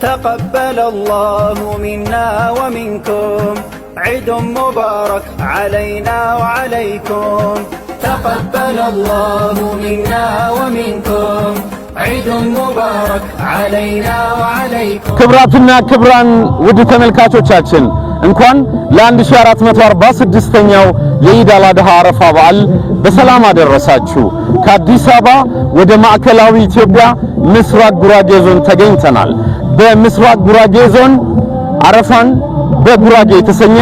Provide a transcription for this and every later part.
تقبل الله منا ومنكم عيد ሙባረክ علينا وعليكم تقبل الله منا ومنكم عيد مبارك علينا وعليكم كبراتنا ክብራን ውድ ተመልካቾቻችን እንኳን ለ1446ኛው የኢድ አል አድሃ አረፋ በዓል በሰላም አደረሳችሁ። ከአዲስ አበባ ወደ ማዕከላዊ ኢትዮጵያ ምስራቅ ጉራጌ ዞን ተገኝተናል። በምስራቅ ጉራጌ ዞን አረፋን በጉራጌ የተሰኘ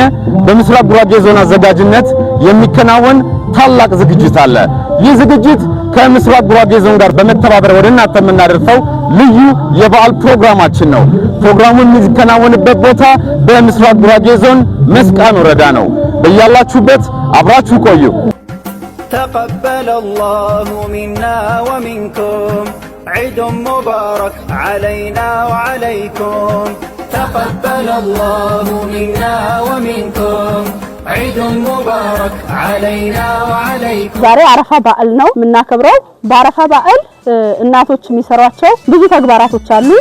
በምስራቅ ጉራጌ ዞን አዘጋጅነት የሚከናወን ታላቅ ዝግጅት አለ። ይህ ዝግጅት ከምስራቅ ጉራጌ ዞን ጋር በመተባበር ወደ እናንተ የምናደርሰው ልዩ የበዓል ፕሮግራማችን ነው። ፕሮግራሙ የሚከናወንበት ቦታ በምስራቅ ጉራጌ ዞን መስቃን ወረዳ ነው። በያላችሁበት አብራችሁ ቆዩ። ተቀበለ አላሁ ሚና ወሚንኩም عيد مبارك علينا وعليكم تقبل الله منا ومنكم عيد مبارك علينا وعليكم ዛሬ አረፋ በዓል ነው የምናከብረው። በአረፋ በዓል እናቶች የሚሰሯቸው ብዙ ተግባራቶች تشالي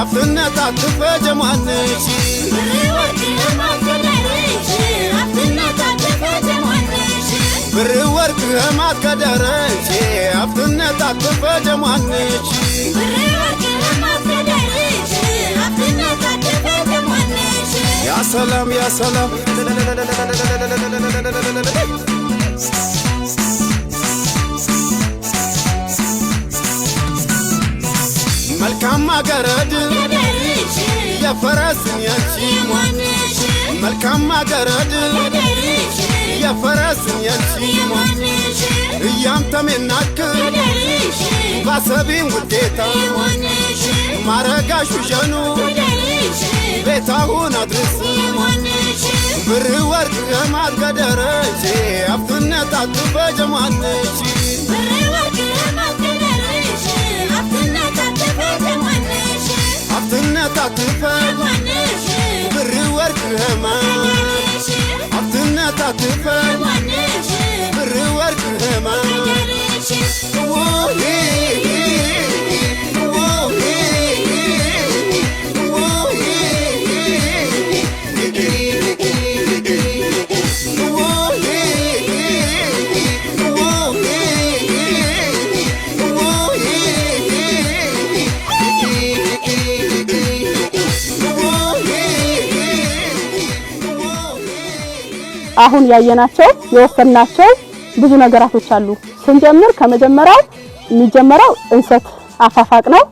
አፍነት አትፈጀ ማነሽ ብር ወርቅ ህማት ከደረሽ አፍነት አትፈጀ ማነሽ ያ ሰላም መልካም አገረድ የፈረስ የቺ መልካም አገረድ የፈረስን የቺ እያምተም የናክ ባሰቢን ውዴታ ማረጋሽ ሸኑ ቤታሁን አድርስ ብር ወርቅ የማት ገደረች አብትነት አትበጀማነች አትፈል ብር ወርቅ ህማም ሀብትነት አትፈል ብር ወርቅ ህማም አሁን ያየናቸው የወሰናቸው ብዙ ነገራቶች አሉ። ስንጀምር ከመጀመሪያው የሚጀመረው እንሰት አፋፋቅ ነው።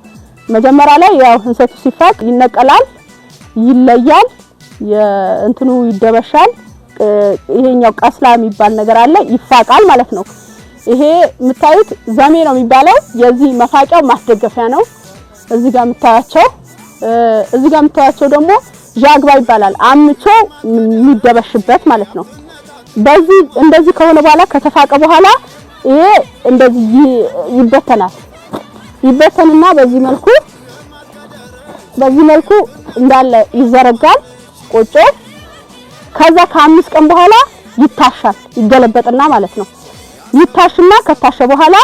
መጀመሪያ ላይ ያው እንሰቱ ሲፋቅ ይነቀላል፣ ይለያል፣ እንትኑ ይደበሻል። ይሄኛው ቀስላ የሚባል ነገር አለ፣ ይፋቃል ማለት ነው። ይሄ የምታዩት ዘሜ ነው የሚባለው። የዚህ መፋቂያው ማስደገፊያ ነው። እዚህ ጋር የምታያቸው እዚህ ጋር የምታያቸው ደግሞ ዣግባ ይባላል። አምቾ የሚደበሽበት ማለት ነው። በዚህ እንደዚህ ከሆነ በኋላ ከተፋቀ በኋላ ይሄ እንደዚህ ይበተናል። ይበተንና በዚህ መልኩ በዚህ መልኩ እንዳለ ይዘረጋል ቆጮ። ከዛ ከአምስት ቀን በኋላ ይታሻል፣ ይገለበጥና ማለት ነው። ይታሽና ከታሸ በኋላ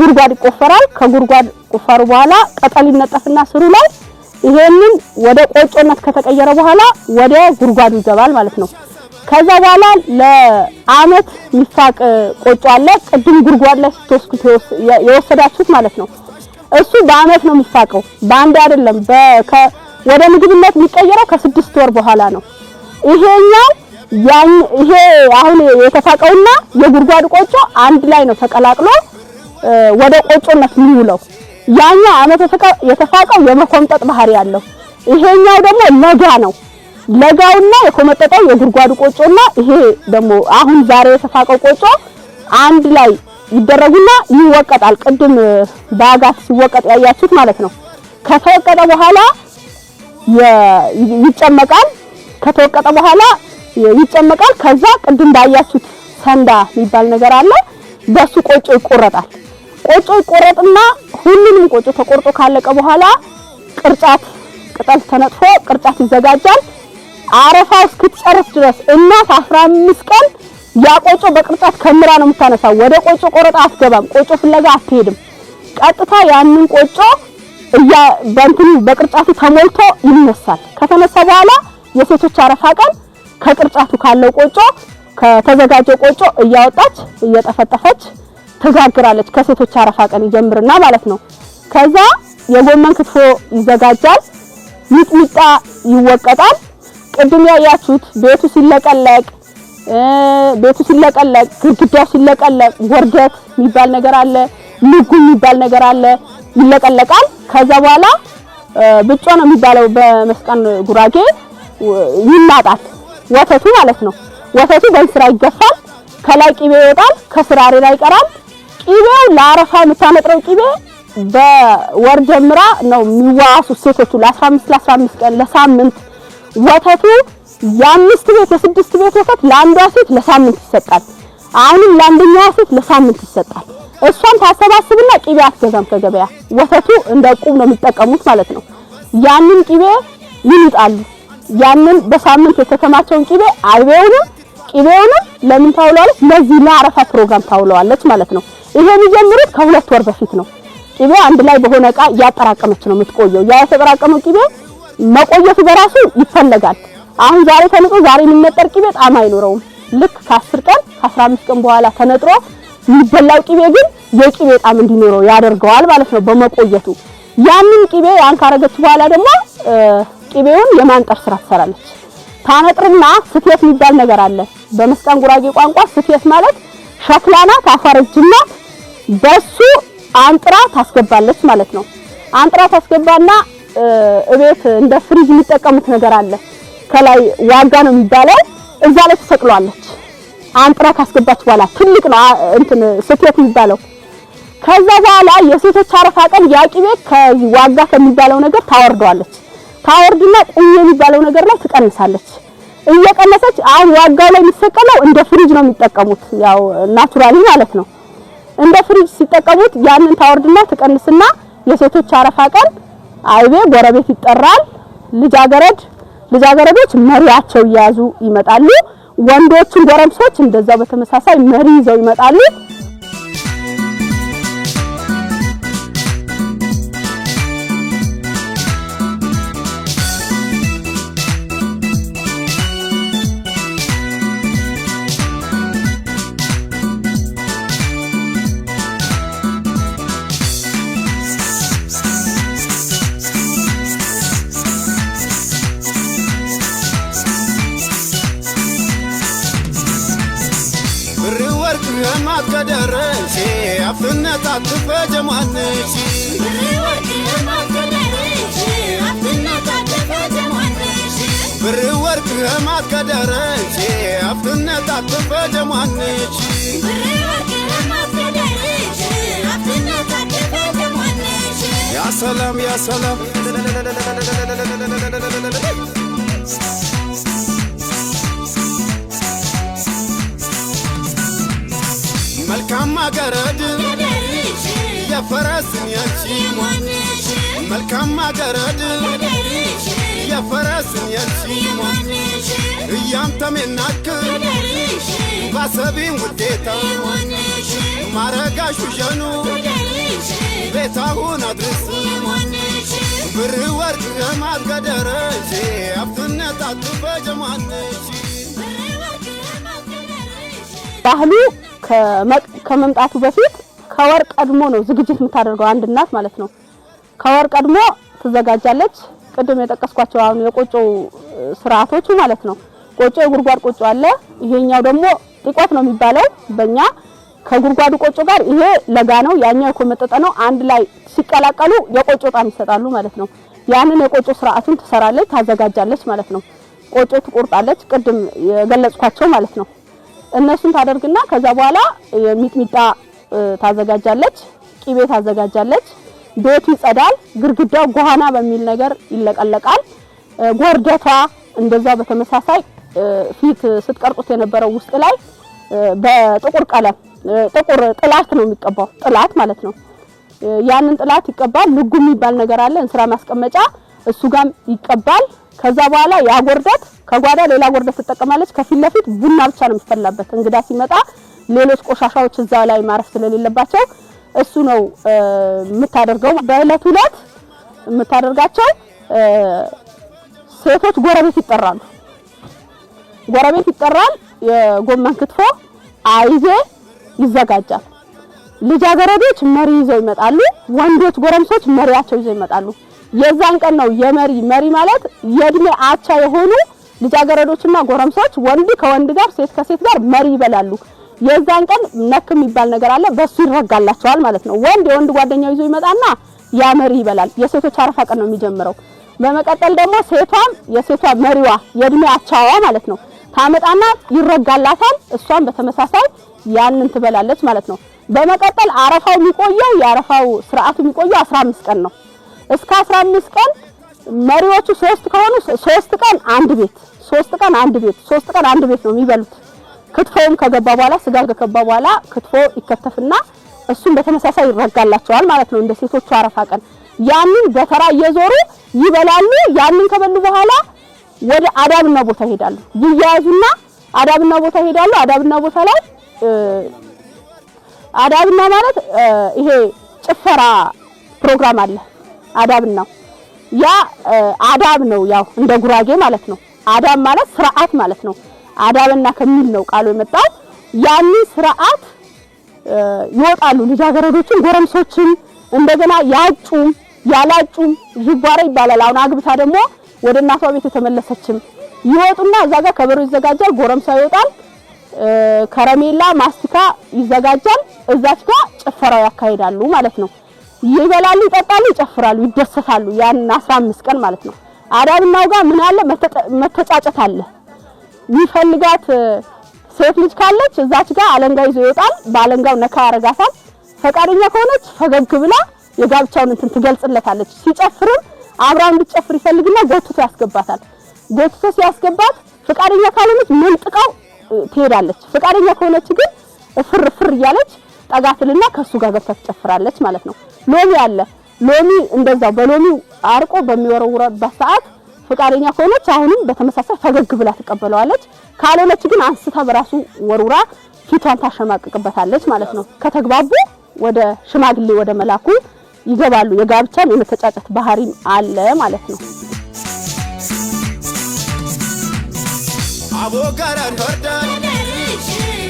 ጉድጓድ ይቆፈራል። ከጉድጓድ ቁፋሩ በኋላ ቅጠል ይነጠፍና ስሩ ላይ ይሄንን ወደ ቆጮነት ከተቀየረ በኋላ ወደ ጉድጓዱ ይገባል ማለት ነው። ከዛ በኋላ ለአመት ሚፋቅ ቆጮ አለ። ቅድም ጉድጓድ ላይ ስትወስዱት የወሰዳችሁት ማለት ነው። እሱ በአመት ነው የሚፋቀው፣ በአንድ አይደለም። ወደ ምግብነት የሚቀየረው ከስድስት ወር በኋላ ነው። ይሄኛው ያን ይሄ አሁን የተፋቀውና የጉድጓድ ቆጮ አንድ ላይ ነው ተቀላቅሎ ወደ ቆጮነት የሚውለው። ያኛው አመት የተፋቀው የመኮምጠጥ ባህሪ ያለው፣ ይሄኛው ደግሞ ለጋ ነው። ለጋውና የኮመጠጠው የጉድጓዱ ቆጮና ይሄ ደግሞ አሁን ዛሬ የተፋቀው ቆጮ አንድ ላይ ይደረጉና ይወቀጣል። ቅድም በአጋት ሲወቀጥ ያያችሁት ማለት ነው። ከተወቀጠ በኋላ ይጨመቃል። ከተወቀጠ በኋላ ይጨመቃል። ከዛ ቅድም ባያችሁት ሰንዳ የሚባል ነገር አለ። በሱ ቆጮ ይቆረጣል። ቆጮ ይቆረጥና ሁሉንም ቆጮ ተቆርጦ ካለቀ በኋላ ቅርጫት ቅጠል ተነጥፎ ቅርጫት ይዘጋጃል። አረፋው እስክትጨርስ ድረስ እናት 15 ቀን ያ ቆጮ በቅርጫት ከምራ ነው የምታነሳው። ወደ ቆጮ ቆረጣ አትገባም። ቆጮ ፍለጋ አትሄድም። ቀጥታ ያንን ቆጮ እያ በእንትኑ በቅርጫቱ ተሞልቶ ይነሳል። ከተነሳ በኋላ የሴቶች አረፋ ቀን ከቅርጫቱ ካለው ቆጮ ከተዘጋጀው ቆጮ እያወጣች እየጠፈጠፈች ተጋግራለች። ከሴቶች አረፋ ቀን ይጀምርና ማለት ነው። ከዛ የጎመን ክትፎ ይዘጋጃል። ሚጥሚጣ ይወቀጣል። ቅድም ያያችሁት ቤቱ ሲለቀለቅ ቤቱ ሲለቀለቅ ግድግዳው ሲለቀለቅ ወርደት የሚባል ነገር አለ፣ ልጉ የሚባል ነገር አለ። ይለቀለቃል። ከዛ በኋላ ብጮ ነው የሚባለው በመስቀን ጉራጌ ይናጣል። ወተቱ ማለት ነው። ወተቱ በእንስራ ይገፋል። ከላይ ቂቤ ይወጣል። ከስራ አሬራ ይቀራል። ቂቤው ለአረፋ የምታነጥረው ቂቤ በወር ጀምራ ነው የሚዋሱ ሴቶቹ ለ15 ለ15 ቀን ለሳምንት ወተቱ የአምስት ቤት የስድስት ቤት ወተት ለአንዷ ሴት ለሳምንት ይሰጣል። አሁንም ለአንደኛዋ ሴት ለሳምንት ይሰጣል። እሷን ታሰባስብና ቂቤ አትገዛም ከገበያ ወተቱ እንደ ቁም ነው የሚጠቀሙት ማለት ነው። ያንን ቂቤ ይልጣሉ። ያንን በሳምንት የተከማቸውን ቂቤ አይቤውንም ቂቤውንም ለምን ታውለዋለች? ለዚህ ለአረፋ ፕሮግራም ታውለዋለች ማለት ነው። ይሄ የሚጀምሩት ከሁለት ወር በፊት ነው። ቅቤ አንድ ላይ በሆነ እቃ እያጠራቀመች ነው የምትቆየው። ያ የተጠራቀመው ቅቤ መቆየቱ በራሱ ይፈለጋል። አሁን ዛሬ ተንጦ ዛሬ የሚነጠር ቅቤ ጣዕም አይኖረውም። ልክ ከ10 ቀን ከ15 ቀን በኋላ ተነጥሮ የሚበላው ቅቤ ግን የቅቤ ጣም እንዲኖረው ያደርገዋል ማለት ነው በመቆየቱ። ያንን ቅቤ ያን ካረገች በኋላ ደግሞ ቅቤውን የማንጠር ስራ ትሰራለች። ታነጥርና ስትየት የሚባል ነገር አለ። በመስቃን ጉራጌ ቋንቋ ስትየት ማለት ሸክላ ናት፣ አፈር በሱ አንጥራ ታስገባለች ማለት ነው። አንጥራ ታስገባና እቤት እንደ ፍሪጅ የሚጠቀሙት ነገር አለ። ከላይ ዋጋ ነው የሚባለው። እዛ ላይ ተሰቅሏለች። አንጥራ ካስገባች በኋላ ትልቅ ነው እንትን ስፌት የሚባለው። ከዛ በኋላ የሴቶች አረፋ ቀን ያቂቤ ከዋጋ ከሚባለው ነገር ታወርደዋለች። ታወርድና ቁኝ የሚባለው ነገር ላይ ትቀንሳለች። እየቀነሰች አሁን ዋጋው ላይ የሚሰቀለው እንደ ፍሪጅ ነው የሚጠቀሙት፣ ያው ናቹራሊ ማለት ነው። እንደ ፍሪጅ ሲጠቀሙት ያንን ታወርድና ትቀንስና የሴቶች አረፋ ቀን አይቤ ጎረቤት ይጠራል። ልጃገረድ ልጃገረዶች መሪያቸው እየያዙ ይመጣሉ። ወንዶቹን ጎረምሶች እንደዛው በተመሳሳይ መሪ ይዘው ይመጣሉ። ግርማት ከደረንቺ አፍትነት አትፈጀ ሟንቺ ያሰላም ያሰላም መልካም አገረድ የፈረስን ያቺ መልካም ማገረድ የናክ ባሰቢን ውዴታ ማረጋሹ ቤታሁን አድርስ ብር ወርቅ አትበጀማነች ባህሉ ከመምጣቱ በፊት ከወር ቀድሞ ነው ዝግጅት የምታደርገው አንድ እናት ማለት ነው። ከወር ቀድሞ ትዘጋጃለች። ቅድም የጠቀስኳቸው አሁን የቆጮ ስርዓቶቹ ማለት ነው። ቆጮ የጉድጓድ ቆጮ አለ። ይሄኛው ደግሞ ጢቆት ነው የሚባለው በእኛ ከጉድጓዱ ቆጮ ጋር ይሄ ለጋ ነው፣ ያኛው የኮመጠጠ ነው። አንድ ላይ ሲቀላቀሉ የቆጮ ጣም ይሰጣሉ ማለት ነው። ያንን የቆጮ ስርዓቱን ትሰራለች፣ ታዘጋጃለች ማለት ነው። ቆጮ ትቆርጣለች፣ ቅድም የገለጽኳቸው ማለት ነው። እነሱን ታደርግና ከዛ በኋላ ሚጥሚጣ ታዘጋጃለች፣ ቂቤ ታዘጋጃለች። ቤቱ ይጸዳል፣ ግርግዳው ጓሃና በሚል ነገር ይለቀለቃል። ጎርደቷ እንደዛ በተመሳሳይ ፊት ስትቀርጡት የነበረው ውስጥ ላይ በጥቁር ቀለም ጥቁር ጥላት ነው የሚቀባው፣ ጥላት ማለት ነው። ያንን ጥላት ይቀባል። ልጉ የሚባል ነገር አለ፣ እንስራ ማስቀመጫ፣ እሱ ጋም ይቀባል። ከዛ በኋላ ያ ጎርደት ከጓዳ ሌላ ጎርደት ትጠቀማለች። ከፊት ለፊት ቡና ብቻ ነው የሚፈላበት። እንግዳ ሲመጣ ሌሎች ቆሻሻዎች እዛ ላይ ማረፍ ስለሌለባቸው እሱ ነው የምታደርገው። በእለት ሁለት የምታደርጋቸው ሴቶች ጎረቤት ይጠራሉ። ጎረቤት ይጠራል። የጎመን ክትፎ አይዜ ይዘጋጃል። ልጃገረዶች መሪ ይዘው ይመጣሉ። ወንዶች ጎረምሶች መሪያቸው ይዘው ይመጣሉ። የዛን ቀን ነው የመሪ መሪ ማለት የእድሜ አቻ የሆኑ ልጃገረዶችና ጎረምሶች ወንድ ከወንድ ጋር ሴት ከሴት ጋር መሪ ይበላሉ። የዛን ቀን ነክ የሚባል ነገር አለ። በሱ ይረጋላቸዋል ማለት ነው። ወንድ የወንድ ጓደኛው ይዞ ይመጣና ያ መሪ ይበላል። የሴቶች አረፋ ቀን ነው የሚጀምረው። በመቀጠል ደግሞ ሴቷም የሴቷ መሪዋ የእድሜ አቻዋ ማለት ነው ታመጣና ይረጋላታል። እሷም በተመሳሳይ ያንን ትበላለች ማለት ነው። በመቀጠል አረፋው የሚቆየው የአረፋው ስርዓቱ የሚቆየው 15 ቀን ነው። እስከ 15 ቀን መሪዎቹ ሶስት ከሆኑ ሶስት ቀን አንድ ቤት ሶስት ቀን አንድ ቤት ሶስት ቀን አንድ ቤት ነው የሚበሉት ክትፎውም ከገባ በኋላ ስጋ ከገባ በኋላ ክትፎ ይከተፍና እሱም በተመሳሳይ ይረጋላቸዋል ማለት ነው። እንደ ሴቶቹ አረፋ ቀን ያንን በተራ እየዞሩ ይበላሉ። ያንን ከበሉ በኋላ ወደ አዳብና ቦታ ይሄዳሉ። ይያያዙና አዳብና ቦታ ይሄዳሉ። አዳብና ቦታ ላይ አዳብና ማለት ይሄ ጭፈራ ፕሮግራም አለ። አዳብና ያ አዳብ ነው፣ ያው እንደ ጉራጌ ማለት ነው። አዳብ ማለት ስርዓት ማለት ነው። አዳበና ከሚል ነው ቃሉ የመጣው። ያንን ስርዓት ይወጣሉ ልጃገረዶችን፣ ጎረምሶችን እንደገና ያጩ ያላጩ ዥባሬ ይባላል። አሁን አግብታ ደግሞ ወደ እናቷ ቤት የተመለሰችም ይወጡና እዛ ጋር ከበሮ ይዘጋጃል፣ ጎረምሳ ይወጣል፣ ከረሜላ ማስቲካ ይዘጋጃል። እዛች ጋር ጭፈራው ያካሂዳሉ ማለት ነው። ይበላሉ፣ ይጠጣሉ፣ ይጨፍራሉ፣ ይደሰታሉ። ያን 15 ቀን ማለት ነው። አዳብናው ጋር ምን አለ? መተጫጨት አለ። የሚፈልጋት ሴት ልጅ ካለች እዛች ጋር አለንጋ ይዞ ይወጣል። በአለንጋው ነካ ያረጋታል። ፈቃደኛ ከሆነች ፈገግ ብላ የጋብቻውን እንትን ትገልጽለታለች። ሲጨፍርም አብራ እንድትጨፍር ይፈልግና ጎትቶ ያስገባታል። ጎትቶ ሲያስገባት ፈቃደኛ ካልሆነች መንጥቃው ትሄዳለች። ፈቃደኛ ከሆነች ግን ፍርፍር ፍር እያለች ጠጋትልና ከሱ ጋር ገብታ ትጨፍራለች ማለት ነው። ሎሚ አለ። ሎሚ እንደዛው በሎሚ አርቆ በሚወረውረባት ሰዓት ፈቃደኛ ከሆነች አሁንም በተመሳሳይ ፈገግ ብላ ትቀበለዋለች። ካልሆነች ግን አንስታ በራሱ ወርውራ ፊቷን ታሸማቅቅበታለች ማለት ነው። ከተግባቡ ወደ ሽማግሌ ወደ መላኩ ይገባሉ። የጋብቻም የመተጫጨት ባህሪም አለ ማለት ነው። አቦጋራ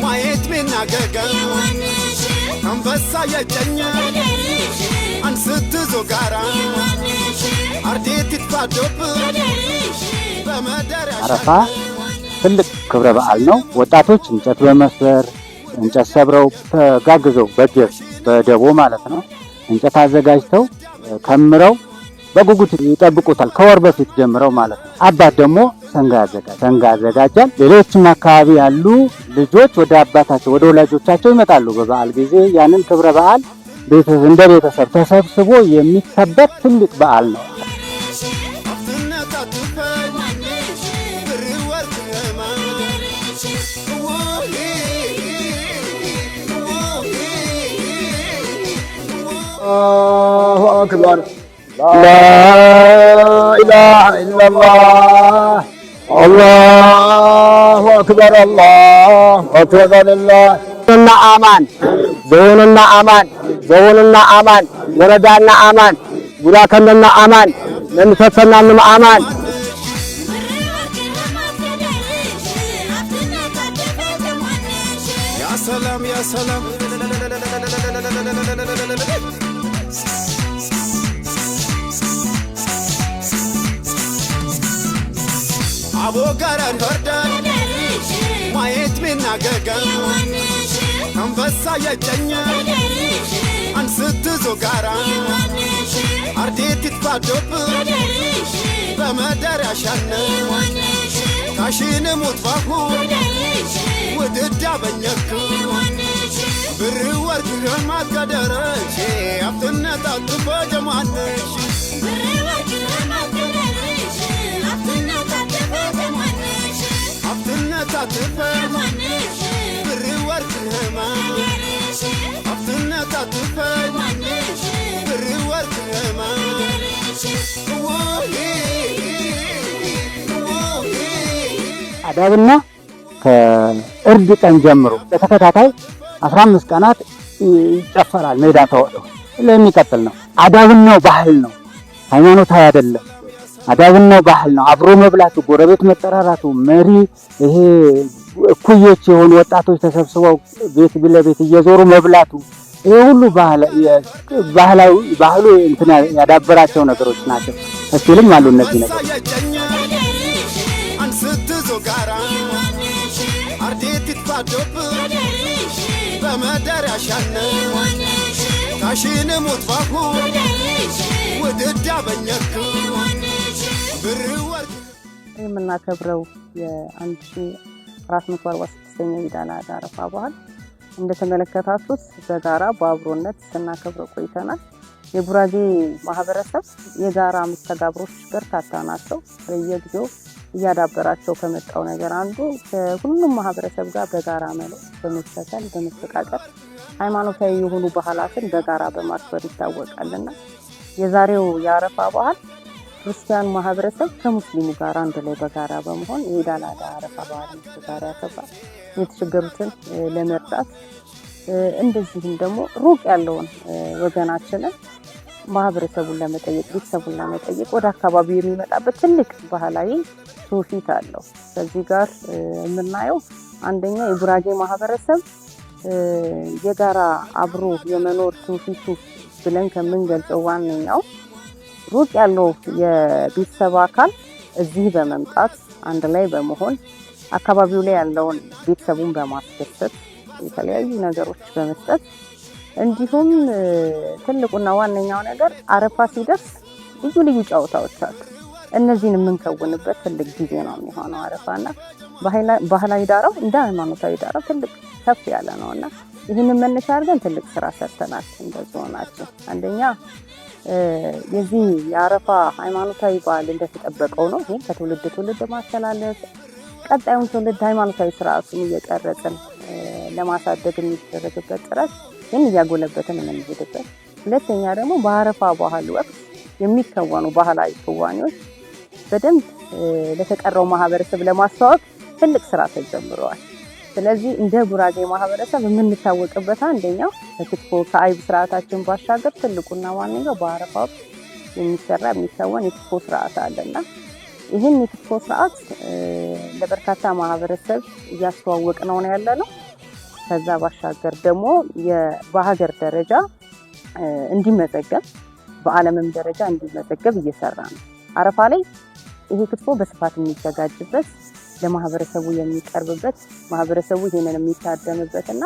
ማየት አንበሳ የጨኛ አንስትዞ ጋራ አርዴት ባዶብ አረፋ ትልቅ ክብረ በዓል ነው። ወጣቶች እንጨት በመስበር እንጨት ሰብረው ተጋግዘው በደቦ ማለት ነው እንጨት አዘጋጅተው ከምረው በጉጉት ይጠብቁታል፣ ከወር በፊት ጀምረው ማለት ነው። አባት ደግሞ ሰንጋ ያዘጋጅ ሰንጋ ያዘጋጃል። ሌሎችም አካባቢ ያሉ ልጆች ወደ አባታቸው ወደ ወላጆቻቸው ይመጣሉ በበዓል ጊዜ። ያንን ክብረ በዓል እንደ ቤተሰብ ተሰብስቦ የሚከበር ትልቅ በዓል ነው። አላሁ አክበር La ilahe illallah. Allahu akbar Allahu akbar Allah. Bununla aman. Doğununla aman. Doğununla aman. Buradanla aman. Bırakanınla aman. Memnunsanlarla aman. Ya salam ya salam. አቦጋራን ወርዳን ማየት ሚናገጋ አንበሳ ያጨኛ አንስትዞ ጋራ አርዴት ትትባዶብ በመዳሪያሻነ ካሽን ሙትባሁ ውድዳ በኘክ ብር ወርቅ ረማት ገደረች አብትነት አጥቦ ጀማነሽ አፍትነታትፈማ ብር ወርቅነማ አፍትነታትፈማ ብር ወርቅነማ አዳብና ከእርድ ቀን ጀምሮ በተከታታይ 15 ቀናት ይጨፈራል። ሜዳ ተወጥቶ ለሚቀጥል ነው። አዳብናው ባህል ነው፣ ሃይማኖታዊ አይደለም። ነው ባህል ነው። አብሮ መብላቱ፣ ጎረቤት መጠራራቱ፣ መሪ ይሄ እኩዮች የሆኑ ወጣቶች ተሰብስበው ቤት ለቤት እየዞሩ መብላቱ ይሄ ሁሉ ባህላዊ ባህሉ እንትን ያዳበራቸው ነገሮች ናቸው። እስቲልም አሉ እነዚህ ነገሮች በመዳሪያሻነ ታሽን ሞት የምናከብረው የ1446ኛው ኢድ አል አረፋ በዓል እንደተመለከታችሁት በጋራ በአብሮነት ስናከብረው ቆይተናል። የጉራጌ ማህበረሰብ የጋራ መስተጋብሮች በርካታ ናቸው። በየጊዜው እያዳበራቸው ከመጣው ነገር አንዱ ከሁሉም ማህበረሰብ ጋር በጋራ መኖር፣ በመተሳሰብ፣ በመፈቃቀር ሃይማኖታዊ የሆኑ ባህላትን በጋራ በማክበር ይታወቃልና የዛሬው የአረፋ በዓል ክርስቲያን ማህበረሰብ ከሙስሊሙ ጋር አንድ ላይ በጋራ በመሆን የኢድ አል አድሃ አረፋ በዓልን ጋር ያከብራል። የተቸገሩትን ለመርዳት እንደዚሁም ደግሞ ሩቅ ያለውን ወገናችንን ማህበረሰቡን ለመጠየቅ ቤተሰቡን ለመጠየቅ ወደ አካባቢው የሚመጣበት ትልቅ ባህላዊ ትውፊት አለው። ከዚህ ጋር የምናየው አንደኛ የጉራጌ ማህበረሰብ የጋራ አብሮ የመኖር ትውፊቱ ብለን ከምንገልጸው ዋነኛው ሩቅ ያለው የቤተሰብ አካል እዚህ በመምጣት አንድ ላይ በመሆን አካባቢው ላይ ያለውን ቤተሰቡን በማስደሰት የተለያዩ ነገሮች በመስጠት እንዲሁም ትልቁና ዋነኛው ነገር አረፋ ሲደርስ ልዩ ልዩ ጨዋታዎች አሉ። እነዚህን የምንከውንበት ትልቅ ጊዜ ነው የሚሆነው አረፋና ባህላዊ ዳራው እንደ ሃይማኖታዊ ዳራው ትልቅ ከፍ ያለ ነው እና ይህንን መነሻ አድርገን ትልቅ ስራ ሰርተናል። እንደዚ አንደኛ የዚህ የአረፋ ሃይማኖታዊ በዓል እንደተጠበቀው ነው። ይህም ከትውልድ ትውልድ ማስተላለፍ ቀጣዩን ትውልድ ሃይማኖታዊ ስርዓቱን እየቀረጽን ለማሳደግ የሚደረግበት ጥረት ግን እያጎለበትን የምንሄድበት ሁለተኛ ደግሞ በአረፋ ባህል ወቅት የሚከወኑ ባህላዊ ክዋኔዎች በደንብ ለተቀረው ማህበረሰብ ለማስተዋወቅ ትልቅ ስራ ተጀምረዋል። ስለዚህ እንደ ጉራጌ ማህበረሰብ የምንታወቅበት አንደኛው በክትፎ ከአይብ ስርዓታችን ባሻገር ትልቁና ዋነኛው በአረፋ ወቅት የሚሰራ የሚከወን የክትፎ ስርዓት አለና ይህን የክትፎ ስርዓት ለበርካታ ማህበረሰብ እያስተዋወቅ ነው ነው ያለ ነው። ከዛ ባሻገር ደግሞ በሀገር ደረጃ እንዲመዘገብ በዓለምም ደረጃ እንዲመዘገብ እየሰራ ነው። አረፋ ላይ ይሄ ክትፎ በስፋት የሚዘጋጅበት ለማህበረሰቡ የሚቀርብበት ማህበረሰቡ ይሄንን የሚታደምበት እና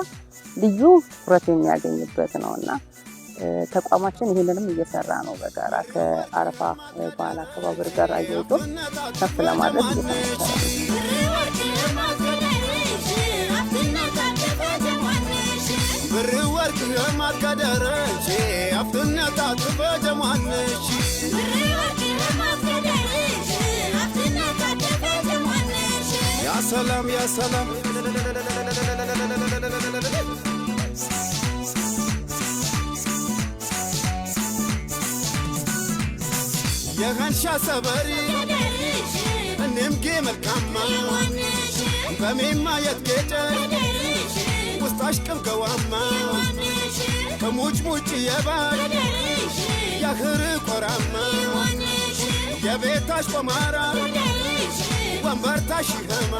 ልዩ ትኩረት የሚያገኝበት ነው እና ተቋማችን ይህንንም እየሰራ ነው። በጋራ ከአረፋ በዓል አከባበር ጋር አያይዞ ከፍ ለማድረግ እየተመሰረ ነው። Ya salam ya salam يا غنشة صبري نمقي من الكمة فمين ما يتقدر وسط عشقم قوامة كموج موج يا بار يا خرق ورامة يا بيت عشق ومارة ወንበር ታሽኸማ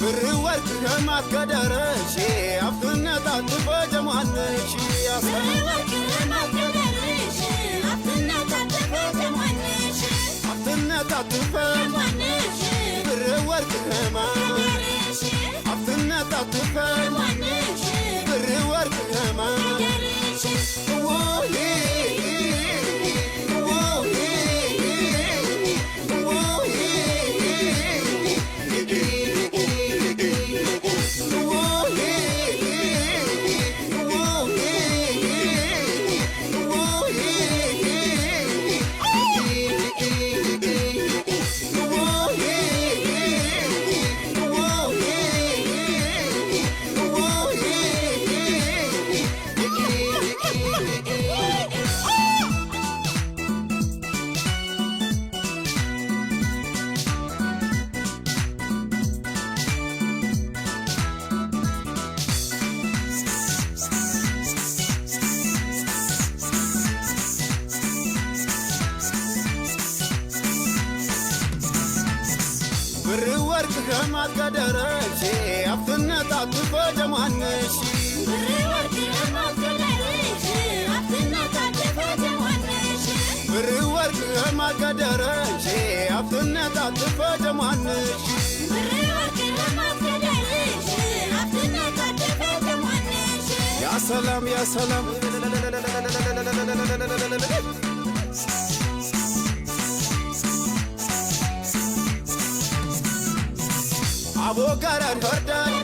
ብር ወርቅ የማትከደረሽ አፍትነት አትፎ ጀሟነሽ አፍትነት አትፈ ብር ወርቅ የማ አፍትነት አትፈ ብር ወርቅ የማ ከማትቀደረሽ አፍትነት አጥፎ ጀማነሽ ብር ወርቅ ከማትቀደረሽ አፍትነት አጥፎ ጀማነሽ ያ ሰላም ያ ሰላም አቦጋራን ወርዳን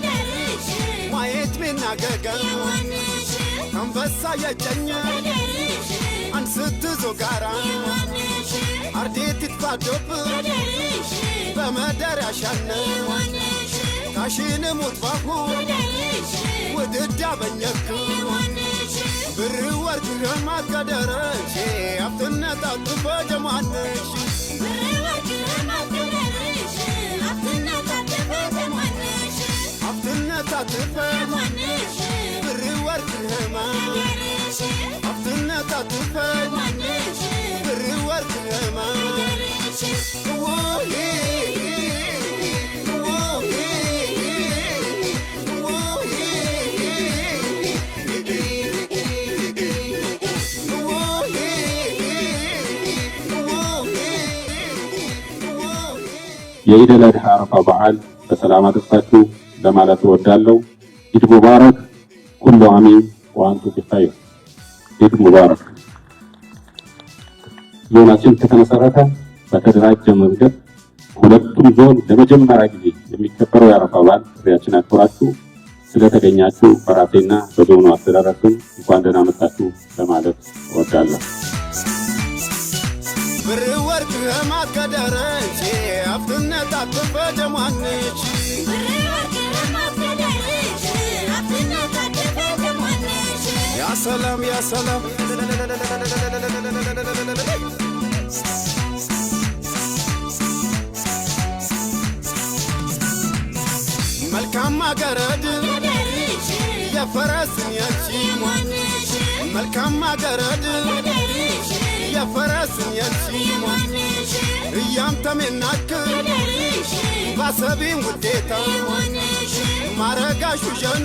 ማየት ሚናገገን አንበሳ የጨኘ አንስትዞ ጋራ አርዴት ይትፋዶብ በመደራሻነ ታሽን ሙት ባሁ ውድዳ በኘክ ብር ወርቅ ገማት ከደረሽ አፍትነት ጀማነሽ أفتنا تعتفى بري ورد الهما أفتنا تعتفى بري ورد الهما የኢድ አል አድሃ አረፋ በዓል በሰላም አደረሳችሁ። ለማለት እወዳለሁ። ኢድ ሙባረክ ኩሉ አሚን ወአንቱ ቢኸይር። ኢድ ሙባረክ። ዞናችን ከተመሰረተ በተደራጀ መንገድ ሁለቱም ዞን ለመጀመሪያ ጊዜ የሚከበረው የአረፋ በዓል ጥሪያችን አክብራችሁ ስለተገኛችሁ በራሴና በዞኑ አስተዳደር እንኳን ደህና መጣችሁ ለማለት እወዳለሁ። ብር ወርቅ ማትከደረች አፍትነት አትበጀሟንች ያ ሰላም ያ ሰላም መልካም አገረድ የፈረስን የቺ መልካም አገረድ የፈረስን የቺ እያምተሜናክ ባሰቢን ውዴታ ማረጋሹ ሸኑ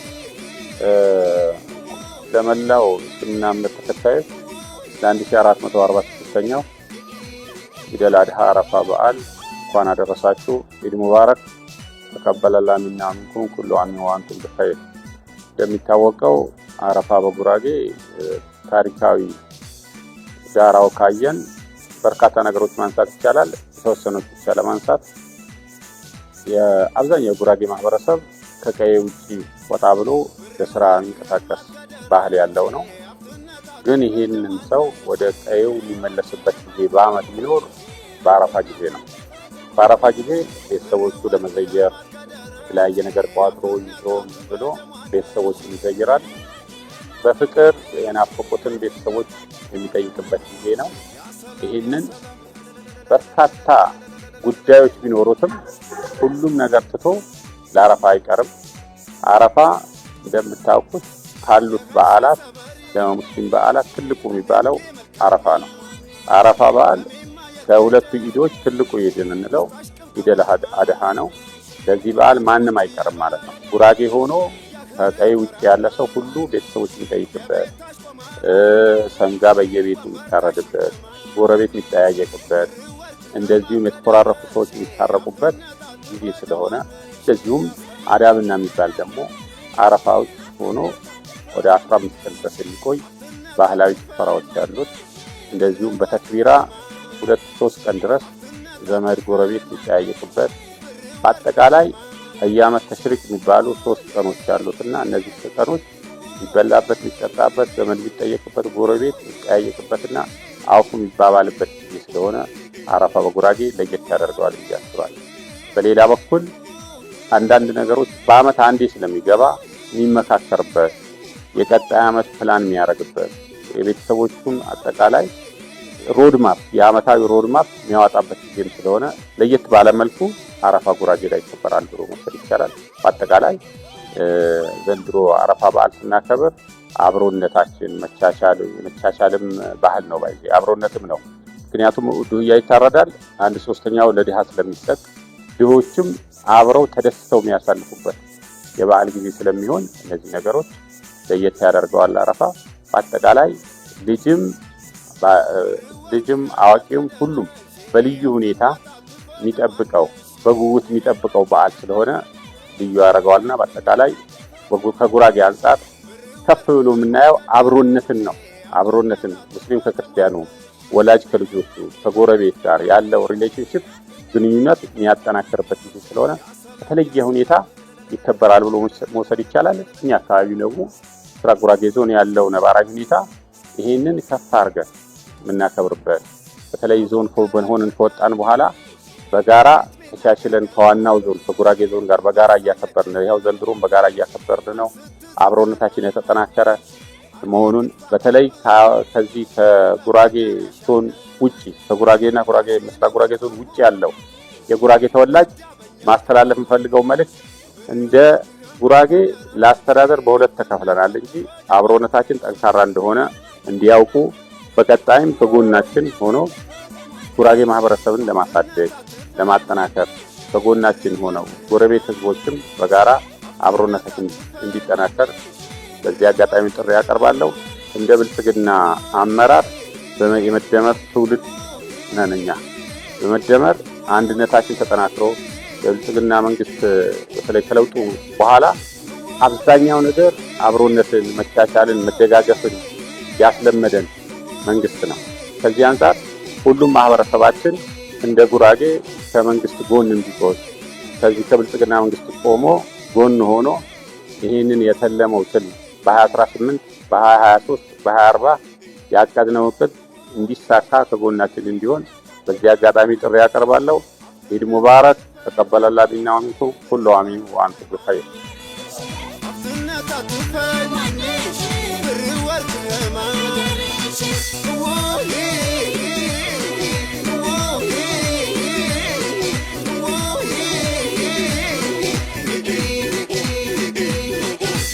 ለመላው እስልምና እምነት ተከታዮች ለ1446ኛው ኢደል አድሃ አረፋ በዓል እንኳን አደረሳችሁ። ኢድ ሙባረክ። ተቀበለላ ሚና ሚንኩም ኩሉ አሚን ወአንቱም ብኸይር። እንደሚታወቀው አረፋ በጉራጌ ታሪካዊ ዳራው ካየን በርካታ ነገሮች ማንሳት ይቻላል። የተወሰኑት ብቻ ለማንሳት የአብዛኛው የጉራጌ ማህበረሰብ ከቀዬ ውጭ ወጣ ብሎ የስራ እንቀሳቀስ ባህል ያለው ነው። ግን ይህንን ሰው ወደ ቀዬው የሚመለስበት ጊዜ በአመት ቢኖር በአረፋ ጊዜ ነው። በአረፋ ጊዜ ቤተሰቦቹ ለመዘየር የተለያየ ነገር ቋጥሮ ይዞ ብሎ ቤተሰቦችን ይዘይራል። በፍቅር የናፈቁትን ቤተሰቦች የሚጠይቅበት ጊዜ ነው። ይህንን በርካታ ጉዳዮች ቢኖሩትም ሁሉም ነገር ትቶ ለአረፋ አይቀርም። አረፋ እንደምታውቁት ካሉት በዓላት ለሙስሊም በዓላት ትልቁ የሚባለው አረፋ ነው። አረፋ በዓል ከሁለቱ ኢዶች ትልቁ ኢድ የምንለው ኢደል አድሃ ነው። ለዚህ በዓል ማንም አይቀርም ማለት ነው። ጉራጌ ሆኖ ከቀይ ውጭ ያለ ሰው ሁሉ ቤተሰቦች የሚጠይቅበት፣ ሰንጋ በየቤቱ የሚታረድበት፣ ጎረቤት የሚጠያየቅበት፣ እንደዚሁም የተኮራረፉ ሰዎች የሚታረቁበት ጊዜ ስለሆነ እንደዚሁም አዳብና የሚባል ደግሞ አረፋ ውስጥ ሆኖ ወደ አስራ አምስት ቀን ድረስ የሚቆይ ባህላዊ ጭፈራዎች ያሉት እንደዚሁም በተክቢራ ሁለት ሶስት ቀን ድረስ ዘመድ ጎረቤት የሚጠያየቅበት በአጠቃላይ በየዓመት ተሽሪቅ የሚባሉ ሶስት ቀኖች ያሉት እና እነዚህ ቀኖች ይበላበት፣ የሚጠጣበት፣ ዘመድ የሚጠየቅበት፣ ጎረቤት የሚጠያየቅበትና አውፉ የሚባባልበት ጊዜ ስለሆነ አረፋ በጉራጌ ለየት ያደርገዋል ብዬ አስባለሁ። በሌላ በኩል አንዳንድ ነገሮች በአመት አንዴ ስለሚገባ የሚመካከርበት የቀጣይ አመት ፕላን የሚያደርግበት የቤተሰቦቹን አጠቃላይ ሮድማፕ የአመታዊ ሮድማፕ የሚያወጣበት ጊዜም ስለሆነ ለየት ባለመልኩ አረፋ ጉራጌ ላይ ይከበራል ብሎ መውሰድ ይቻላል። በአጠቃላይ ዘንድሮ አረፋ በዓል ስናከብር አብሮነታችን መቻቻልም ባህል ነው ባይ አብሮነትም ነው። ምክንያቱም ድህያ ይታረዳል። አንድ ሶስተኛው ለድሃ ስለሚሰጥ ድሆችም አብረው ተደስተው የሚያሳልፉበት የበዓል ጊዜ ስለሚሆን እነዚህ ነገሮች ለየት ያደርገዋል አረፋ። በአጠቃላይ ልጅም ልጅም አዋቂውም ሁሉም በልዩ ሁኔታ የሚጠብቀው በጉጉት የሚጠብቀው በዓል ስለሆነ ልዩ ያደርገዋልና በአጠቃላይ ከጉራጌ አንጻር ከፍ ብሎ የምናየው አብሮነትን ነው። አብሮነትን ሙስሊም ከክርስቲያኑ፣ ወላጅ ከልጆቹ ከጎረቤት ጋር ያለው ሪሌሽንሽፕ ግንኙነት የሚያጠናክርበት ጊዜ ስለሆነ በተለየ ሁኔታ ይከበራል ብሎ መውሰድ ይቻላል። እኛ አካባቢ ደግሞ ስራ ጉራጌ ዞን ያለው ነባራዊ ሁኔታ ይሄንን ከፍ አድርገን የምናከብርበት በተለይ ዞን ሆነን ከወጣን በኋላ በጋራ ተቻችለን ከዋናው ዞን ከጉራጌ ዞን ጋር በጋራ እያከበርን ነው። ይኸው ዘንድሮም በጋራ እያከበርን ነው። አብሮነታችን የተጠናከረ መሆኑን በተለይ ከዚህ ከጉራጌ ዞን ውጭ ከጉራጌና ጉራጌ ምስራቅ ጉራጌ ዞን ውጭ ያለው የጉራጌ ተወላጅ ማስተላለፍ የምፈልገው መልእክት እንደ ጉራጌ ለአስተዳደር በሁለት ተከፍለናል እንጂ አብሮነታችን ጠንካራ እንደሆነ እንዲያውቁ በቀጣይም በጎናችን ሆኖ ጉራጌ ማህበረሰብን ለማሳደግ ለማጠናከር በጎናችን ሆነው ጎረቤት ህዝቦችም በጋራ አብሮነታችን እንዲጠናከር በዚህ አጋጣሚ ጥሪ ያቀርባለሁ። እንደ ብልጽግና አመራር የመደመር ትውልድ ነን እኛ። በመደመር አንድነታችን ተጠናክሮ የብልጽግና መንግስት በተለይ ከለውጡ በኋላ አብዛኛው ነገር አብሮነትን፣ መቻቻልን፣ መደጋገፍን ያስለመደን መንግስት ነው። ከዚህ አንጻር ሁሉም ማህበረሰባችን እንደ ጉራጌ ከመንግስት ጎን እንዲቆም ከዚህ ከብልጽግና መንግስት ቆሞ ጎን ሆኖ ይህንን የተለመው ትል በ2018 በ2023 በ2040 ያቀድነው እቅድ እንዲሳካ ከጎናችን እንዲሆን በዚህ አጋጣሚ ጥሪ ያቀርባለሁ። ኢድ ሙባረክ። ተቀበለላ ዲና ወሚንኩ ሁሉ አሚን ወአንቱም ብኸይር We're